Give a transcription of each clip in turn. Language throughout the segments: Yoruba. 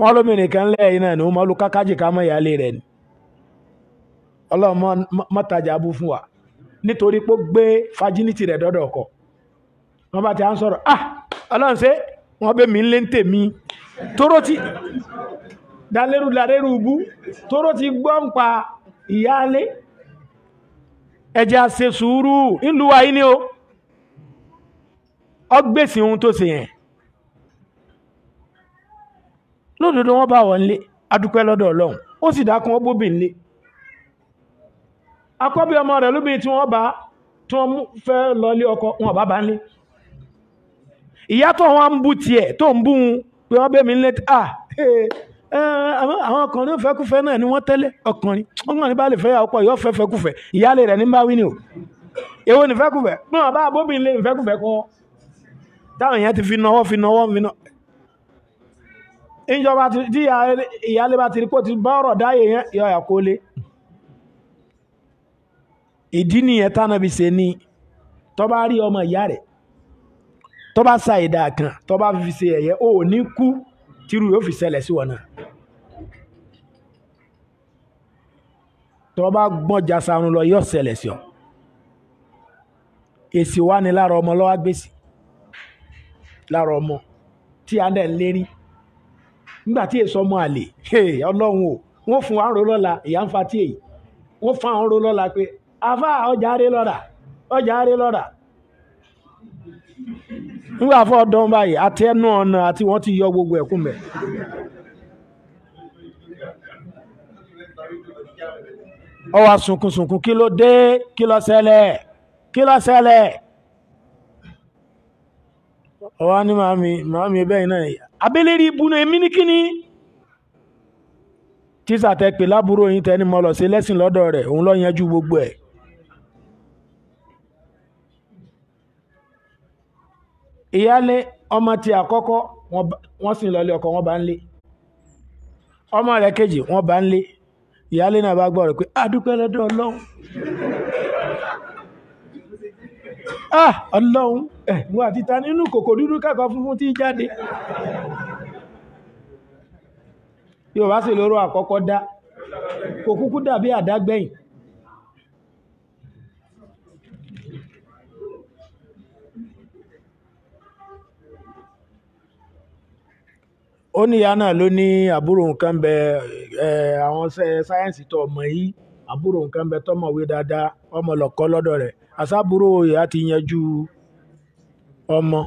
wọ́n lómìnir kan lẹ́yìn náà ni ó máa lu kákájì ká mọ̀ ìyáálé rẹ̀ ni ọlọ́run mọ́tajà bú fún wa nítorí pé gbé fajínítì rẹ̀ dọ́dọ̀ ọkọ wọ́n bá ti à ń sọ̀rọ̀ ah ọlọ́run mi lé ń tóró ti dalérú dalérú bú tóró ti gbọ́ ń pa ìyáálé sùúrù wa yìí ni ohun tó ṣe yẹn lódodo wọ́n bá wọn lé adúpẹ́ lọ́dọ̀ ọlọ́run ó sì dákun ó bóbìn lé akọ́bí ọmọ rẹ̀ lóbìnrin tí wọ́n bá tí wọ́n fẹ́ lọ lé ọkọ wọn bá bá ń lé ìyá tó wọn ń bú tiẹ̀ tó ń bú un pé wọ́n bẹ́ mi ń lé à àwọn ọkùnrin náà fẹ́kúfẹ́ náà ni wọ́n tẹ́lẹ̀ ọkùnrin ọkùnrin bá lè fẹ́ ọkọ yóò fẹ́ fẹ́kúfẹ́ ìyáálé rẹ̀ ní bá wí ni o èwo ni fẹ́kúfẹ́ bí wọn bá bóbìn lé ìfẹ́kúfẹ́ kọ́ táwọn èèyàn ti fi nawọ́ fi nawọ́ fi nawọ́ ìjọba tí ìyálé bá ti rí pò ti bọ́rọ̀ dáyé yẹn yọ ọ̀yà lé ìdí nìyẹn tánàbí ṣe ni tó bá rí ọmọ ìyá rẹ̀ tó bá sa ìdá kan tó bá fi ṣe ẹ̀yẹ ò ní kú tírú yóò fi ṣẹlẹ̀ sí wọn náà tó bá gbọ́n jasarun lọ yóò ṣẹlẹ̀ sí ọ èsì wá ní lára ọmọ lọ́wọ́ gbèsè lára ọmọ tí a dẹ̀ lérí nígbà tí èso ọmọ àlè o wọ́n fún àrò lọ́la ìyá ń fa tí wọ́n fún àrò lọ́la pé ọjà lọ́ra ọjà lọ́ra nígbà ọdún báyìí àti ẹnu ti yọ gbogbo ẹ̀kún mẹ́. sunkúnsunkún kí ló dé kí kí abẹ́lẹ́rí ibu náà èmi ní kíni tíṣà tẹ pé lábúrò yín tẹni mọ́ lọ sí lẹ́sìn lọ́dọ̀ rẹ̀ òun ló yanjú gbogbo ẹ̀ ìyálé ọmọ ti àkọ́kọ́ wọ́n sì lọlé ọkọ wọn bá ń lé ọmọ rẹ̀ kejì wọ́n bá ń lé ìyálé náà bá gbọ́ rẹ̀ pé adúpẹ́ lọ́dọ̀ ọlọ́run ah ọlọ́run ẹ̀ wọ́n àti ta nínú kòkò dúdú kẹ́kọ̀ọ́ funfun tí jáde yóò bá sì lóró àkọ́kọ́ dá kò kúkú dàbí àdágbẹ̀yìn ó ní ìyá náà ló ní àbúrò nǹkan bẹ àwọn sáyẹ́ǹsì tó ọmọ yìí àbúrò nǹkan bẹ tọmọwé dáadáa ọmọ lọkọ lọ́dọ̀ rẹ̀ àṣàbúrò ìyá ti yanjú ọmọ.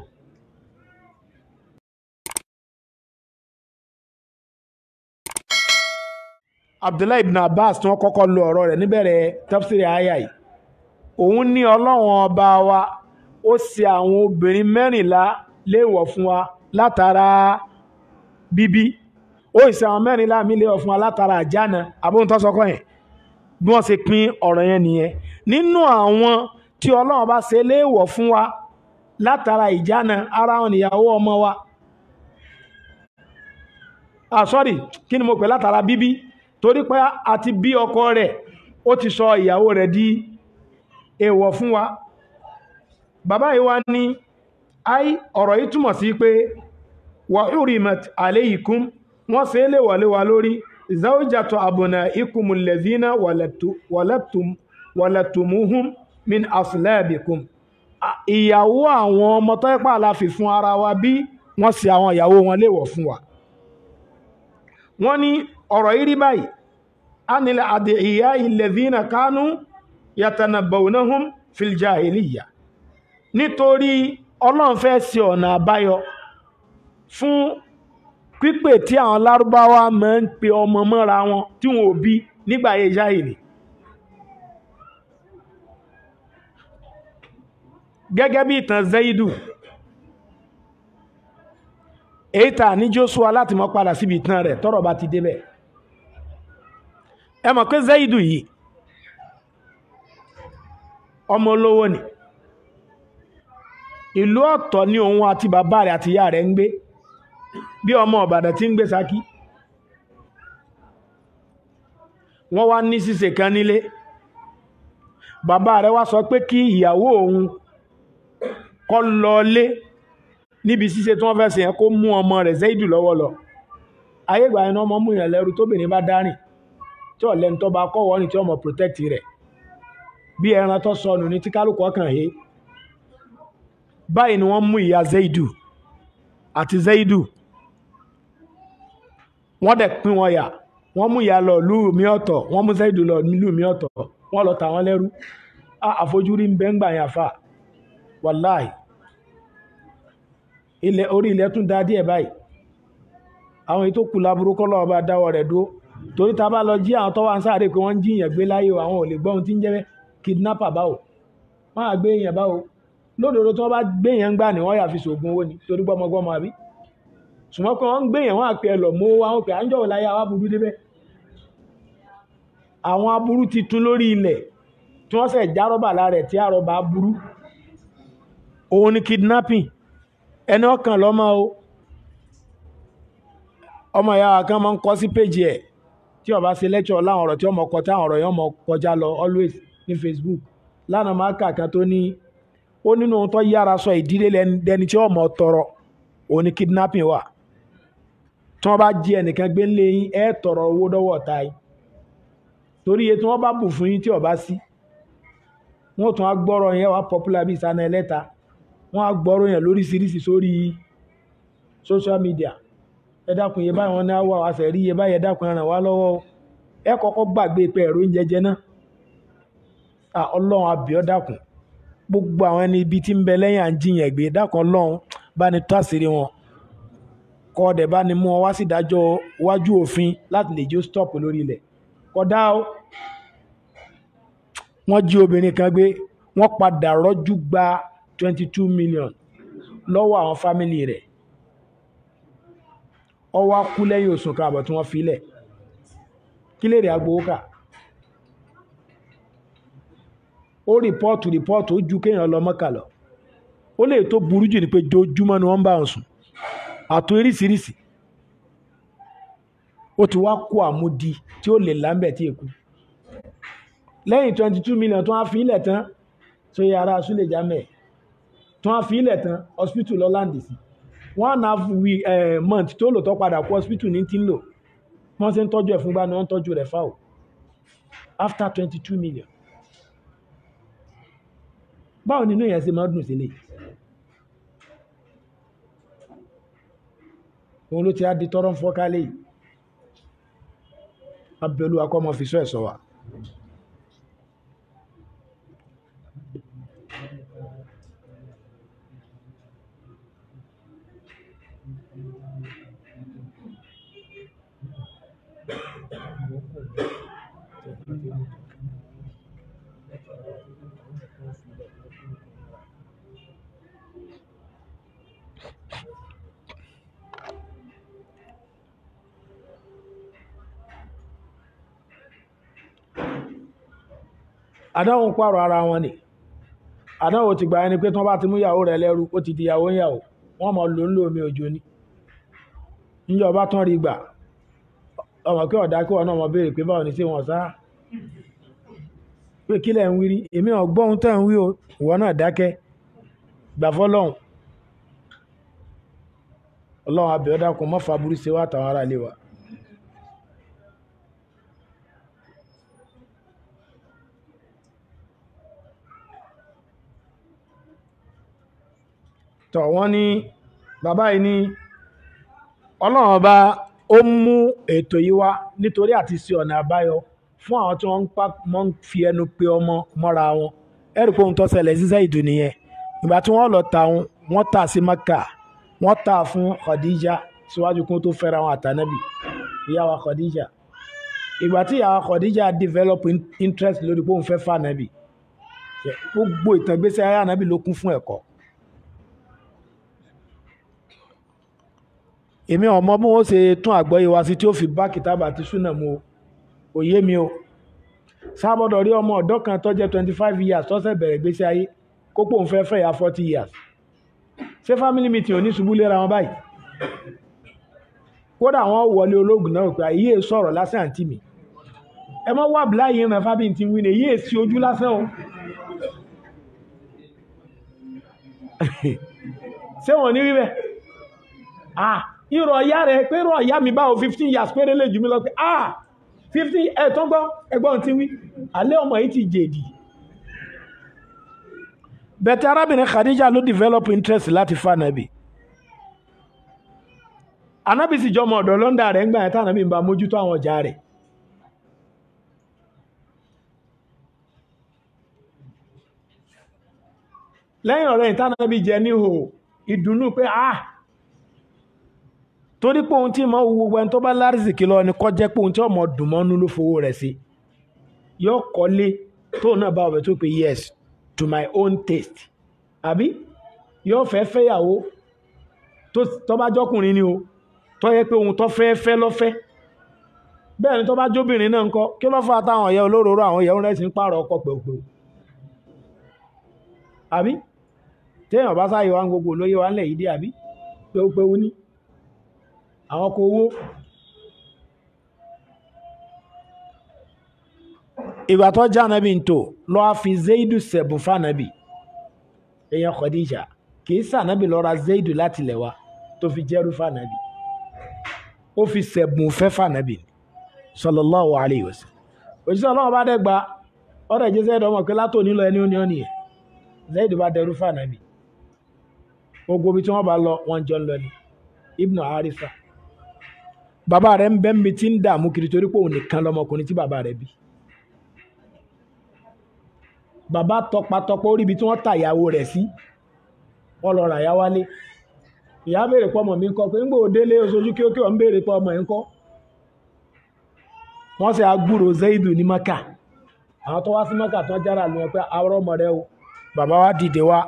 abdullahi ibn abbas tí wọ́n kọ́kọ́ lo ọ̀rọ̀ rẹ̀ níbẹ̀rẹ̀ tafsiri aya yìí òun ní ọlọ́run ọba wa ó ṣe àwọn obìnrin mẹ́rìnlá léèwọ̀ fún wa látara bíbí ó ṣe àwọn mẹ́rìnlá mi léèwọ̀ fún wa látara àjánà abóhuntọ́sọ́kọ́ yẹn bí wọ́n ṣe pín ọ̀rọ̀ yẹn nìyẹn nínú àwọn tí ọlọ́run bá ṣe léèwọ̀ fún wa látara ìjánà ara wọn níyàwó ọmọ wa ah sorry kí ni mo pè látara bíbí torí pé àti bí ọkọ rẹ̀ ó ti sọ ìyàwó rẹ̀ di èèwọ̀ fún wa bàbá yìí wá ai ọ̀rọ̀ yìí túmọ̀ sí pé wa hurimat alaykum wọ́n ṣe léwà léwà lórí zawjatu abnaikum alladhina walattum min aslabikum ìyàwó àwọn ọmọ tó ẹ́pà láfi fún ara wa bí wọ́n ṣe àwọn ìyàwó wọn léwọ̀ fún wa wọ́n ní ọ̀rọ̀ yìí rí báyìí anilẹ̀ àdìyà ilẹ̀dínà kánú yàtànàbàwọnahùn fìlìjà èlìyà nítorí ọlọ́run fẹ́ ṣe ọ̀nà àbáyọ fún pípè tí àwọn lárúbáwá máa ń pe ọmọ mọ́ra wọn tí wọn ò bí nígbà ayé jáìlì gẹ́gẹ́ bí ìtàn zaidu èyí tà ní joshua láti mọ́ padà síbi ìtàn rẹ̀ tọ́rọ̀ bá ti débẹ̀ ẹ pé Zaidu yìí ọmọ olówó ni ìlú ọ̀tọ̀ ni òun àti bàbá rẹ̀ àti ìyá rẹ̀ ń gbé bí ọmọ Ìbàdàn tí ń gbé Ṣakí wọ́n wá ní ṣíṣe kan nílé bàbá rẹ̀ wá sọ pé kí ìyàwó òun kó lọlé níbi ṣíṣe tí wọ́n fẹ́ ṣe kó mú ọmọ rẹ̀ Zaidu lọ́wọ́ lọ ayégbà iná ọmọ mú ìyàn lẹ́rú tóbìnrin bá dárìn tí ọ̀lẹ́ni tó bá kọ́wọ́ ní tí ọmọ protect rẹ̀ bí ẹran tó sọnù ní tí kálukú ọkàn báyìí ni wọ́n mú ìyá Zaidu àti Zaidu wọ́n dẹ̀ pín wọn yà wọ́n mú ìyá lọ lú ọ̀tọ̀ wọ́n mú Zaidu lọ ọ̀tọ̀ wọ́n lọ tà wọ́n lẹ́rú àfojúrí ń bẹ́ ń gbà yàn fà wàláì ilẹ̀ orí ilẹ̀ tún díẹ̀ báyìí àwọn ètò torí tá a bá lọ jí àwọn tó wà ń sáré pé wọ́n ń jiyàn gbé láyé o àwọn ò lè gbọ́ ohun tí ń jẹ́ kidnapper báwo wọ́n á gbé èèyàn báwo lódodo tí wọ́n bá gbé èèyàn gbà ní wọ́n yà fi ṣoògùn owó ni torí gbọ́mọgbọ́mọ àbí ṣùgbọ́n pé wọ́n ń gbé èèyàn wọ́n á pè é lọ mọ́ owó àwọn pè à ń jọ̀wọ́ láyé àwọn aburú débẹ̀ àwọn aburú ti tún lórí ilẹ̀ tí wọ́n sẹ̀ já rọ́bà lára ẹ̀ tí àrọ́bà aburú òun ni kidnapping ẹni ọkàn lọ́mọ o ọmọ ìyá wa kan máa ń kọ́ sí péjì ẹ̀ tí ó bá ṣe lecture láwọn ọ̀rọ̀ tí ọmọ kọ táwọn ọ̀rọ̀ yẹn ọmọ kọjá lọ always ní Facebook lánàá máa kà kan tó ní ó nínú tó yára sọ ìdílé lẹni tí ọmọ tọrọ òní kidnapping wà tí wọ́n bá jí ẹnìkan gbé ńlẹ̀ yín ẹ tọrọ owó dọ́wọ́ ta yín torí iye tí wọ́n bá bù fún yín tí ó sí wọ́n tún á gbọ́rọ̀ yẹn wá popular bíi sanni ẹlẹ́ta wọ́n á gbọ́rọ̀ yẹn lóríṣiríṣi sórí social media ẹ dákun iye báwọn náà wà wàá fẹ́ rí iye báyẹn dákun ràn wá lọ́wọ́ o ẹ kọ́kọ́ gbàgbé pé ẹ̀rọ oúnjẹ jẹ náà ọlọ́run abíọ́ dákun gbogbo àwọn ẹni ibi tí ń bẹ lẹ́yìn à ń jiyàn gbé dákun ọlọ́run bá ní tó àṣírí wọn kọ́ ọ̀dẹ̀ bá ní mú ọ wá sí ìdájọ́ wájú òfin láti lè jó stop lórí ilẹ̀ kódà o wọ́n jí obìnrin kan gbé wọ́n padà rọ́jú gba twenty two million lọ́wọ́ àwọn family rẹ̀ ọwọ́ kú lẹ́yìn oṣù kan àbọ̀ tí wọ́n filẹ̀ kí lè rí agbowó kà ó rìpọ́ọ̀tù rìpọ́ọ̀tù ó ju kéèyàn lọ mọ́kà ó lè tó burú jù ní pé jojúmọ́ ni wọ́n ń bá wọn sùn àtò oríṣiríṣi ó ti wá kó àmúdi tí ó lè lámbẹ̀ tí èkú lẹ́yìn twenty two million tó wá fi ilẹ̀ tán tó yẹ ara súlẹ̀ jámẹ̀ tó wá fi ilẹ̀ tán hospital lọ́láǹdì sí i one half week eh, month tó lò tó padà kú hospital ní ti ń lò wọ́n ṣe ń tọ́jú ẹ̀ fún gbá ni wọ́n ń tọ́jú rẹ̀ fáwọ̀ after twenty two million báwo nínú yẹn ṣe máa dùn sílẹ̀ òun ló ti á di tọrọ ń fọ́kálẹ̀ yìí abẹ́lú akọ́mọ́fisọ́ ẹ̀ sọ wa. àdáwò ń pààrọ̀ ara wọn ni àdáwò ti gbà ẹni pé tí wọ́n bá ti mú ìyàwó rẹ̀ lẹ́rú ó ti di ìyàwó ìyàwó wọ́n mọ̀ lò ń lò omi òjò ni níjọ bá tán rí gbà ọmọ kí ọ̀dá kí wọn náà mọ béèrè pé báwo ni ṣé wọn sá pé kí lẹ̀ ń wí rí èmi ò gbọ́ ń wí o ìwọ náà dákẹ́ gbà fọ́lọ́hùn ọlọ́run abẹ́ ọ̀dàkùn mọ́ fàbúrú ṣe wá àtàwọn ará ilé wa. tọ̀ wọ́n ní bàbá yìí ní ọlọ́run ọba ó mú ètò yìí wá nítorí àti ṣe ọ̀nà àbáyọ fún àwọn tí wọ́n ń fi ẹnu pé ọmọ mọ́ra wọn ẹ̀rù pé ohun tó ṣẹlẹ̀ ṣiṣẹ́ ìdùn nìyẹn ìgbà tí wọ́n lọ ta wọ́n tà sí Maka wọ́n tà fún Khadija síwájú kó tó fẹ́ra wọn àtànábì ìyàwó Khadija ìgbà tí ìyàwó Khadija develop interest lórí pé òun fẹ́ fà nábì gbogbo ìtàgbésẹ̀ ayé ànábì ló kún fún ẹ̀kọ́ èmi ọmọ bí wọ́n ṣe tún àgbọ́yé wa sí tí ó fi bá kìtàbà àti súnà mu òye mi o sábọ́dọ̀ rí ọmọ ọ̀dọ́ kan tó jẹ́ twenty five years tó ṣẹ̀ bẹ̀rẹ̀ gbésí ayé kó pòun fẹ́ fẹ́ ya forty years ṣé family meeting ò ní ṣubú léra wọn báyìí kódà wọn wọlé ológun náà pé àyè sọ̀rọ̀ lásán àǹtí mi ẹ mọ́ wà bláyé ràn fábíyìn ti wíne yé sí ojú lásán o ṣé wọn ní rí bẹ́ẹ̀ ah irọ́ ọ̀yá rẹ̀ pé irọ́ ọ̀yá mi báwo fifteen years péré lè jù mí lọ pé ah fifteen ẹ̀ tó ń gbọ́ ẹgbọ́n ti wí alẹ́ ọmọ yìí ti jèdì. bẹ̀tẹ̀ arábìnrin Khadija ló develop interest láti fa nàbì anábì sì jọmọ ọ̀dọ̀ lọ́ndà rẹ̀ ń gbà yẹn tànàbì ń bá mójútó àwọn ọjà rẹ̀. lẹ́yìn ọ̀rẹ́ ìtànàbì jẹ níhò ìdùnnú pé ah torí pé ohun tí mo wo gbogbo ẹni tó bá lárísìkí lọ ni kọ́ jẹ́ pé ohun tí ọmọ dùn mọ́ nínú ló fowó rẹ̀ sí yóò kọ́lé tóun náà bá ọbẹ̀ tó pe yes to my own taste àbí yóò fẹ́ fẹ́yàwó tó bá jọkùnrin ni o tó yẹ pé ohun tó fẹ́ fẹ́ lọ́fẹ́ bẹ́ẹ̀ ni tó bá jóbìnrin náà ń kọ́ kí ló fà táwọn ọ̀yẹ́ olóróró àwọn ọ̀yẹ́ rẹ̀ sì ń pààrọ̀ ọkọ̀ pẹ̀lú àbí téèyàn bá sáyé wa ń gbogbo olóyè wa ń lẹ̀ yìí dé àbí pé ó ní àwọn ọkọ̀ owó ìgbà tó já anabi ń tò lọ́wọ́ fi zaidu sẹ̀bùn fànàbì èèyàn Khadija kì í sànàbì lọ́ra zaidu láti lẹ̀ wá tó fi jẹ́rú fànàbì ó fi sẹ̀bùn fẹ́ fànàbì sallallahu alayhi wa sallam òjíṣẹ́ ọlọ́run bá dẹ̀ gba ọ̀rọ̀ ẹ̀jẹ̀ zaidu ọmọ pé látò nílò ẹni òní òní yẹn zaidu bá dẹrú fànàbì gbogbo ibi tí wọ́n bá lọ wọ́n jọ ń lọ ni ibnu arisa bàbá rẹ̀ ń bẹ́ mi ti ń dààmú kiri torí pé òun nìkan lọmọkùnrin tí bàbá rẹ̀ bí bàbá tọpatọpọ ó ibi tí wọ́n ta ìyàwó rẹ̀ sí ọlọ́ra ìyá wálé ìyá béèrè pé ọmọ mi ń kọ́ pé ńgbò délé oṣooṣù kí ó kí wọ́n ń béèrè pé ọmọ ẹ̀ ń kọ́ wọ́n ṣe agbúrò zaidu ní maka àwọn tó wá sí maka tó jára lu wọn pé àwọn ọmọ rẹ o bàbá wa dìde wá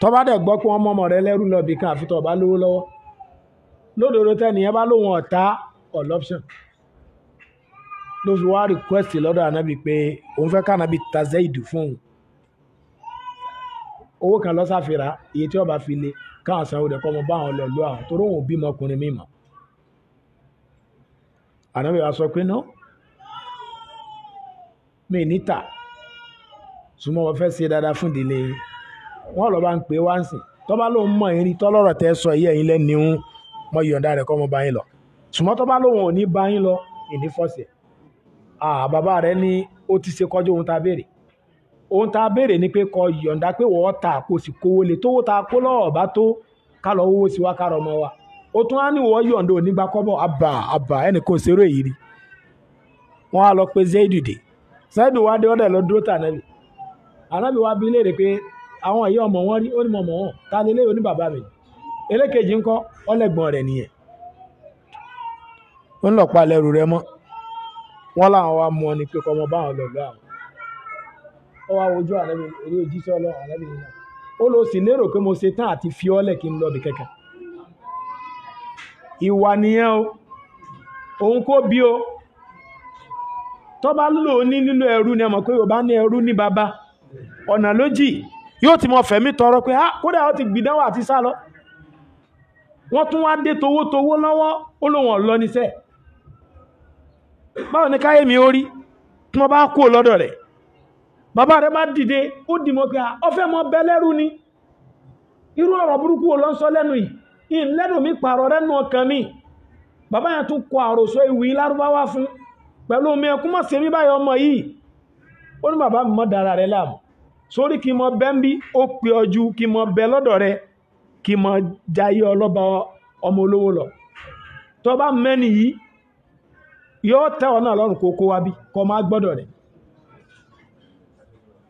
tọ́ba dẹ̀ gbọ́ pé wọ́n mọ ọmọ rẹ lẹ́rú lọ bìkan àfi tọ́ba lówó lọ́wọ́ lódodo tẹ́nìyẹn bá lóun ọ̀tá ọ̀lọ́pṣàn ló fi wá request lọ́dọ̀ ànábì pé òun fẹ́ kánábì ta zaidu fún un owó kan lọ́sàfìrà iye tí ọba fi le káwọn sanwó dẹ̀ kọ́ mọ bá àwọn lọ́ọ́ lọ́ àwọn torí òun ò bímọ ọkùnrin mímọ́ ànábì wa sọ pé náà mi níta súnmọ́ wọn fẹ́ ṣe dáadáa fún ìdílé wọn lọ́ọ́ bá ń pè wá ń sìn tọ́ba ló ń mọ̀ ẹ̀rín tọ́lọ́rọ̀ tẹ́ sọ yí ẹ̀yin lẹ́nu mo yọ̀ǹda rẹ̀ kọ́ mo bá yín lọ ṣùgbọ́n tó bá lóun ò ní bá yín lọ ìní fọ́ọ̀sì bàbá rẹ̀ ní ó ti ṣe kọjú ohun tá a béèrè ohun tá a béèrè ni pé kó yọ̀ǹda pé wọ́n ta kó sì kówó lè tówó ta kó lọ́wọ́ bá tó ká lọ owó sí wa ká rọ ọmọ wa ó tún á ní wọ́n yọ̀ǹda ò ní gba kọ́bọ̀ àbà àbà ẹnì kan ṣeré yìí rí wọ́n á lọ pe zaidu dé zaidu wá dé ọ̀dẹ̀ lọ dúró tà nábì ànábì wá bi léèrè pé àwọn ìyá ọmọ wọn rí ó ní mọ̀ mọ̀ wọn ta lélẹ́yìn oní elékejì ńkọ́ ọlẹ́gbọ̀n rẹ̀ nìyẹn ń lọ pa lẹ́rù mo mọ́ wọ́n láwọn wa mú ọ pé kọ́mọ báwọn lọ àwọn ọ wá ojú àrẹ́bí eré òjíṣẹ́ ọlọ́run àrẹ́bí nínú ó mo ṣe tán àti fi ọ́lẹ̀ kí n lọ bì kẹ́kẹ́ ìwà nìyẹn o òun kò bí o tọ́ bá lò ó ní ẹrú ni ẹ mọ̀ pé yorùbá ní baba ọ̀nà ti mọ fẹ̀mí tọrọ pé ah, kódà ó wọ́n tún wá dé towó towó lọ́wọ́ ó lóun ọ̀lọ́ níṣẹ́ báwo ni káyé mi ó rí tí wọ́n bá kó lọ́dọ̀ rẹ̀ bàbá rẹ̀ bá dìde ó dì mọ́ pé à ọfẹ́ mọ́ bẹ lẹ́rú ni irú ọ̀rọ̀ burúkú ò lọ ń sọ lẹ́nu yìí ìn lẹ́nu mi pààrọ̀ rẹ́nu ọkàn mi bàbá yẹn rẹ̀ kí mọ jayé ọlọ́ba ọmọ olówó lọ tó bá mẹ́ni yìí yóò tẹ́ ọ náà lọ́rùn kókó wa bí kọ́ máa gbọ́dọ̀ rẹ̀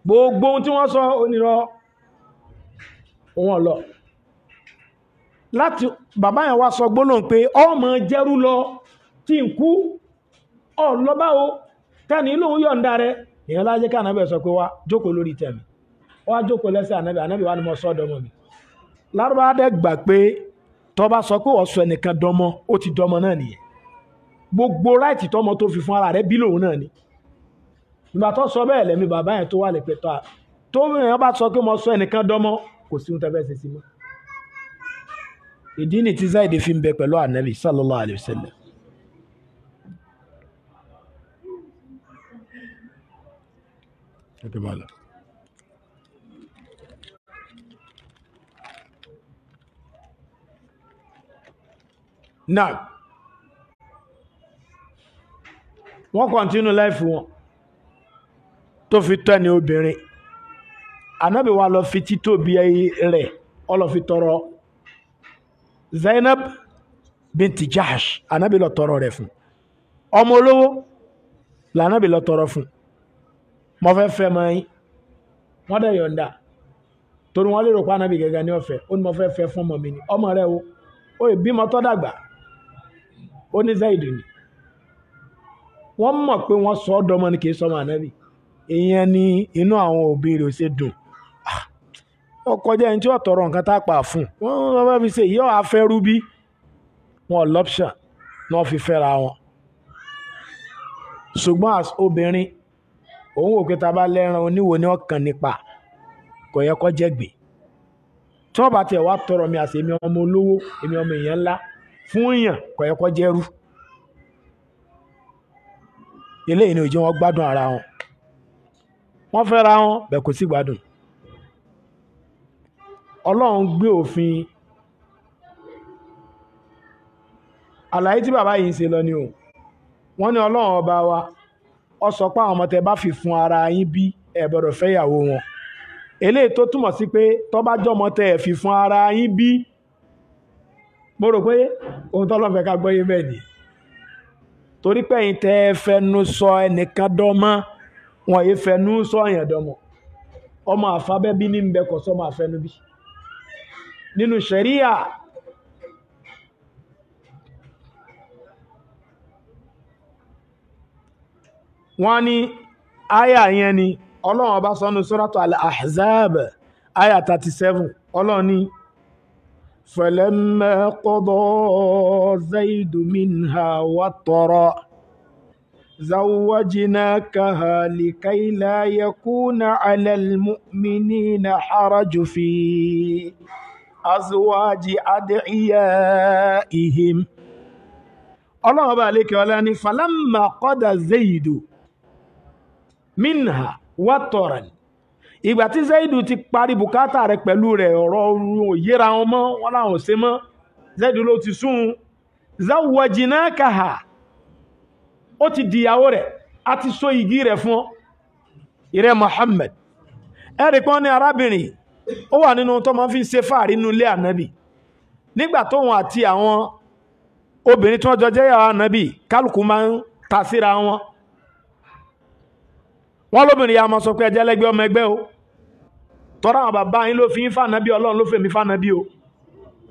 gbogbo ohun tí wọ́n sọ onírọ́ òun ọ̀lọ́ láti bàbá yẹn wá sọ gbólóhùn pé ọmọ jẹ́rú lọ tí ń kú ọlọ́bá o tẹ́ni lóun yọ̀ǹda rẹ̀ èèyàn lájẹ́ kí ànábẹ̀ sọ pé wá jókòó lórí tẹ̀mí wá jókòó lẹ́sẹ̀ ànábẹ̀ ànábẹ̀ wá ni mo sọ́dọ̀ mọ́ mi lárúbáwá dẹ̀ gbà pé tó bá sọ pé ọ̀sọ̀ ẹnìkan dọmọ ó ti dọmọ náà nìyẹn gbogbo ráìtì tọmọ tó fi fún ara rẹ̀ bí lòun náà ni ìgbà tó sọ bẹ́ẹ̀ lẹ́mi bàbá yẹn tó wà lẹ́pẹ́ tó a tó yẹn bá sọ pé mo sọ ẹnìkan dọmọ kò sí ohun tẹ́fẹ́ ṣe sí mọ́ ìdí ni tí Zaid fi ń bẹ pẹ̀lú ànábì sallallahu alayhi wa sallam now wọ́n continue life wọn tó fi tọ́ ẹni obìnrin ànábì wa lọ fi títóbi rẹ̀ ó lọ fi tọrọ Zainab binti Jahsh ànábì lọ tọrọ rẹ̀ fún ọmọ olówó lànábì lọ tọrọ fún mo fẹ́ fẹ́ mọ́ yín wọ́n dẹ̀ yọ̀ǹda torí wọ́n lérò pé ànábì gẹ́gẹ́ ní ọ̀fẹ́ ó ní mo fẹ́ fẹ́ fún ọmọ mi ni ọmọ rẹ̀ wo ó bímọ tó dàgbà ó ní zaidu ni wọ́n mọ̀ pé wọ́n sọ ọ́ dọ́mọ ni kì í sọmọ ànábì ìyẹn ni inú àwọn òbí rẹ̀ ṣe dùn ah, ó kọjá ẹni tí ó tọrọ nǹkan tá a pa fún wọn wọn bá fi ṣe ìyá afẹ́rú bí wọn lọ́pṣàn náà fi fẹ́ra wọn ṣùgbọ́n obìnrin òun wò pé ta bá lẹ́ran oníwo ni ọkàn nípa kò yẹ kó jẹ́ gbé tí wọ́n bá tiẹ̀ wá tọrọ mi àti èmi ọmọ olówó èmi ọmọ èèyàn ńlá fún èèyàn kò yẹ kó jẹ́rú eléyìí ni ó jẹ́ wọn gbádùn ara wọn wọ́n fẹ́ ra wọn bẹ́ẹ̀ kò sí gbádùn ọlọ́run gbé òfin àlàyé tí bàbá yìí ń ṣe lọ ni o wọ́n ní ọlọ́run ọba wa ọ sọ pé àwọn ọmọ tẹ bá fi fún ara yín bí ẹ gbọ́dọ̀ fẹ́ ìyàwó wọn eléyìí tó túmọ̀ sí pé tọ́bájọ́mọ tẹ fi fún ara yín bí mo rò pé ohun tó lọ́fẹ̀ẹ́ ká gbọ́yé bẹ́ẹ̀ ni torí pẹ́yìn tẹ́ ẹ fẹnu sọ ẹnìkan dọ́mọ́ fẹnu sọ dọ́mọ́ ọmọ àfábẹ́bí ní bẹ kò sọmọ àfẹnubí nínú ṣẹ̀ríà wọ́n ní àyà yẹn ni ọlọ́run ọba sọ́nu sóràtọ̀ al àyà 37 ọlọ́run ní. فلما قضى زيد منها وطرا زوجناكها لكي لا يكون على المؤمنين حرج في أزواج أدعيائهم الله بالك ولاني فلما قضى زيد منها وطرا ìgbà tí zaidu ti parí bùkátà rẹ̀ pẹ̀lú rẹ̀ ọ̀rọ̀ orun òyera wọn mọ́ wọn làwọn ṣe mọ́ zaidu ló ti sún zawajina kaha ó ti dìyàwó rẹ̀ a ti so igi rẹ̀ fún ìrẹ́ Muhammad ẹ̀rì kan ní arábìnrin ó wà nínú tó máa fi ń ṣe fàárí nínú ilé ànábì nígbà tóun àti àwọn obìnrin tí jọ jẹ́ yàrá ànábì kálukú máa ń ta wọn wọ́n lóbìnrin yà máa sọ pé ẹjẹ́ lẹ́gbẹ́ ọmọ ẹgbẹ́ o tọ́ra àwọn bàbá yín ló fi ń fànà bí ọlọ́run ló fèmí fànà bí o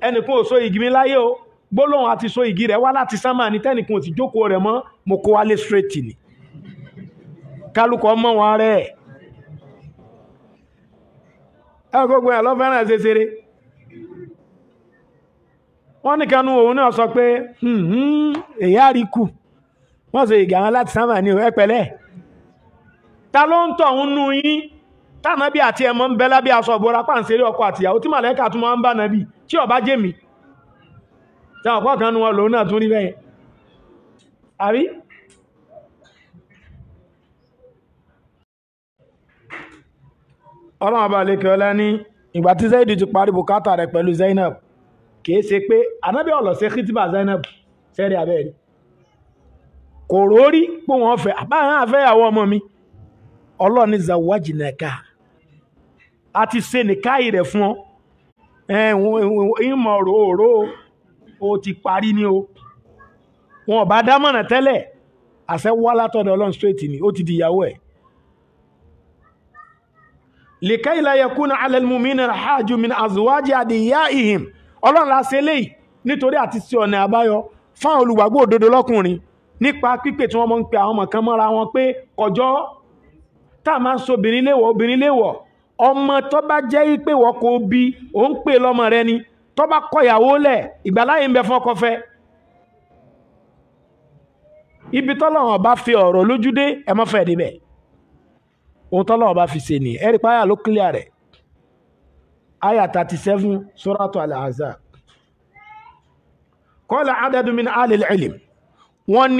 ẹnìkan ò so igi mi láyé o gbólóhùn àti so igi rẹ̀ wá láti sánmà ní tẹ́nìkan ò ti jókòó rẹ̀ mọ́ mo kó wálé straight ni kálukú ọmọ wọn rẹ̀ ẹ gbogbo ẹ̀ lọ́fẹ́ràn ṣeṣere wọ́n nìkan nu òun náà sọ pé hmm, hmm, èyí á rí kù wọ́n so igi àwọn láti sánmà ní ẹ̀pẹ̀lẹ́ ta ló ń tọ̀hún nú yín tánàbí àti ẹmọ ń bẹ lábẹ́ aṣọ ìbora pàǹsẹ̀rí ọkọ àtìyàwó tí màlẹ́kà tún máa ń bá nàbí tí ọba jèmi tí ọ̀pọ̀ kan nu wọn lòun náà tún rí bẹ́ẹ̀ àbí ọlọ́run ọba lẹ́kẹ̀ ọlá ní ìgbà tí Zaid ti parí bùkátà rẹ̀ pẹ̀lú Zainab kìí ṣe pé anábẹ́ ọ̀lọ́sẹ̀ kìtìbà Zainab sẹ́rí abẹ́rẹ́ kò rórí pé wọ́n fẹ́ àbáyán àfẹ́yàwó ọmọ mi ọlọ́ọ̀ni zawaji nìka a ti ṣe nìka yìí rẹ̀ fún ọ ìmọ̀ òróró o ti parí ni o wọn ò bá dámọ̀ràn tẹ́lẹ̀ àṣẹ wá látọ̀dọ̀ ọlọ́run straight ni ó ti di ìyàwó ẹ̀ likai la yakuna alal mu'minina haju min azwaji adiyaihim ọlọ́run la ṣe léyìí nítorí àti ṣe ọ̀nà àbáyọ fáwọn olùgbàgbọ́ òdodo lọ́kùnrin nípa pípè tí wọ́n mọ́ ń pe àwọn ọmọ kan mọ́ra wọn pé kọjọ́ tá a máa ń so obìnrin léwọ̀ obìnrin léwọ̀ ọmọ tó bá jẹ́ pé wọ́n kò bí ò ń pè lọ́mọ rẹ ni tó bá kọyàwó lẹ̀ ìgbàláyè ń bẹ fún ọkọ fẹ́ ibi tọ́lọ́wọ̀n bá fi ọ̀rọ̀ lójúdé ẹ má fẹ́ níbẹ̀ ohun tọ́lọ́wọ̀n bá fi ṣe ni ẹ̀rí páyà ló clear rẹ̀ aya 37 suratu al-Ahzab qala adadu min alil ilm wọ́n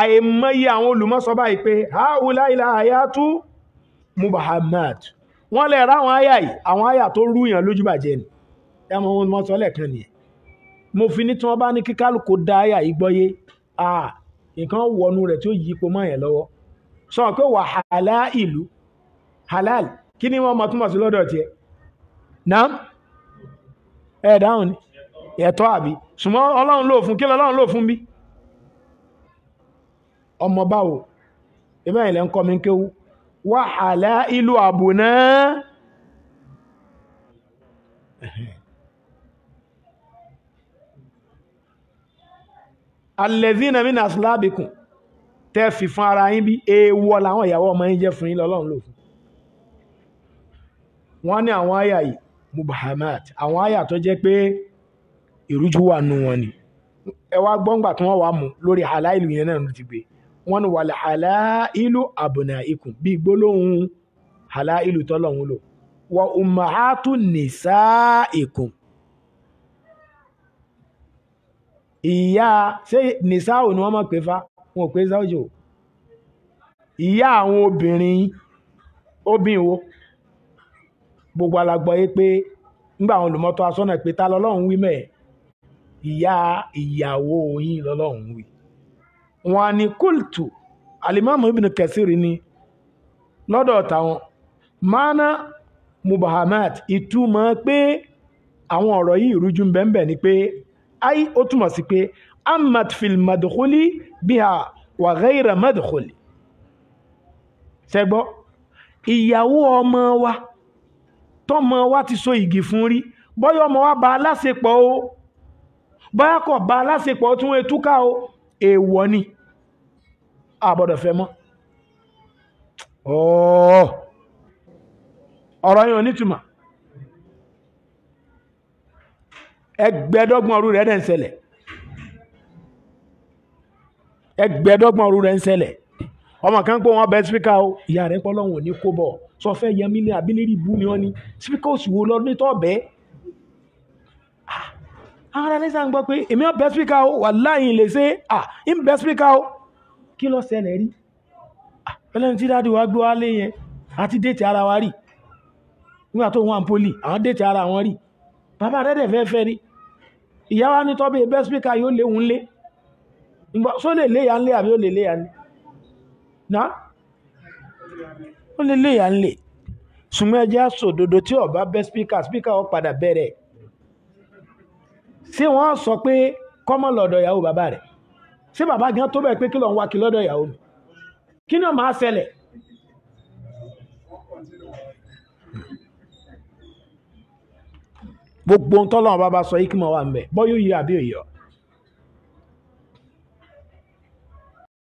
àìmọye àwọn olùmọ́sọ báyìí pé haula ila ayatu mubahamat wọ́n lè ra àwọn àyà yìí àwọn àyà tó rúyàn lójú bàjẹ́ ni ẹmọ wọn mọ́ sọ lẹ́ẹ̀kan nìyẹn mo fi ní tí wọ́n bá ní kíkálùkù da àyà yìí gbọ́yé à nǹkan wọnú rẹ̀ tí ó yí mọ́ yẹn lọ́wọ́ sọ pé wà hàlá ìlú halal kí ni wọ́n mọ̀ túmọ̀ sí lọ́dọ̀ tiẹ̀ náà ẹ̀ dáhùn ni ẹ̀tọ́ àbí ṣùgbọ́n ọlọ́run lò fún kí lọ́lọ́run lò fún bí ọmọ báwo ìbẹ́ ilẹ̀ ń kọ́ mi kéwú wà hàlá ìlú àbò náà alẹ́zínà mí nà sílábìkùn tẹ́ fi fún ara yín bí èèwọ̀ làwọn ìyàwó ọmọ yín jẹ́ fún yín lọ́lọ́run lò fún wọ́n ní àwọn àyà yìí mubahamat àwọn àyà tó jẹ́ pé ìrújú wà nù wọn ni ẹ gbọ́ngbà tí wọ́n wà mú lórí hàlá yẹn náà ti gbé wọ́n ní wàlẹ̀ aláìlú àbùnà ikùn bíi gbólóhùn aláìlú tọ́lọ́hún lò wọ umahatu nìsá ikùn ìyá ṣé nìsá ò ní wọ́n mọ̀ pé fa wọn ò pé sáwọ́jọ́ o ìyá àwọn obìnrin obìnrin wo gbogbo alagbọ yé pé nígbà àwọn olùmọ́tò asọ́nà pé ta lọ́lọ́run wí mẹ́ẹ̀ ìyá ìyàwó yín lọ́lọ́run wí wọn ni kultu alimamu ibn kasiri ni lọ́dọ̀ táwọn mana mubahamat ìtumọ̀ pé àwọn ọ̀rọ̀ yìí rújú bẹ́ẹ̀ ni pé ai ó túmọ̀ sí pé amat fil madkhuli biha wa ghayra madkhuli ṣẹgbọ́ ìyàwó ọmọ wa tọ́mọ wa ti so igi fún rí bọ́yọ̀ ọmọ wa bá aláṣepọ̀ o bọ́yọ̀ kọ̀ bá aláṣepọ̀ tún etúká o èèwọ̀ ni àbọ̀dọ̀ fẹ́ mọ́ ọ̀rọ̀ yìí ò nítumọ̀ ẹgbẹ̀ẹ́dọ́gbọ̀n ọrú rẹ̀ ń ṣẹlẹ̀ ẹgbẹ̀ẹ́dọ́gbọ̀n ọrú rẹ̀ ń ṣẹlẹ̀ ọmọ kan pé wọn bẹ spika o ìyá rẹ̀ pọ́ lọ́wọ́ ò ní kó bọ̀ sọ fẹ́ yẹmí ní abílérí bú ni wọ́n ní spika òsì wo lọ nítọ́ ara ní sáà ń gbọ́ pé èmi ò bẹ́ spíkà o wàláhì lè ṣe à ń bẹ́ spíkà o kí ló ṣẹlẹ̀ rí pẹ̀lẹ́ni tí dáàdì wa gbé wá lé yẹn àti déètì ara wa rí nígbà tó wọn àpólì àwọn déètì ara wọn rí bàbá rẹ̀ dẹ̀ fẹ́ fẹ́ rí ìyá wa ní tọ́bí bẹ́ spíkà yóò léwu ńlé só lè léyà ńlé àbí ó lè léyà ńlé náà ó lè léyà ńlé ṣùgbọ́n ẹ jẹ́ àsòdodo tí ó bá spíkà spíkà ó padà bẹ̀rẹ̀ ṣé wọ́n sọ pé kọ́mọ lọ́dọ̀ ìyàwó bàbá rẹ̀ ṣé bàbá gan tó bẹ̀ pé kí ló ń wá kí lọ́dọ̀ ìyàwó mi kí ni ó máa ṣẹlẹ̀ gbogbo ohun tọ́lọ́wọ́n bá bá sọ yìí kí mo wà ń bẹ̀ bọ́yọ̀ yìí àbí òyìí ọ̀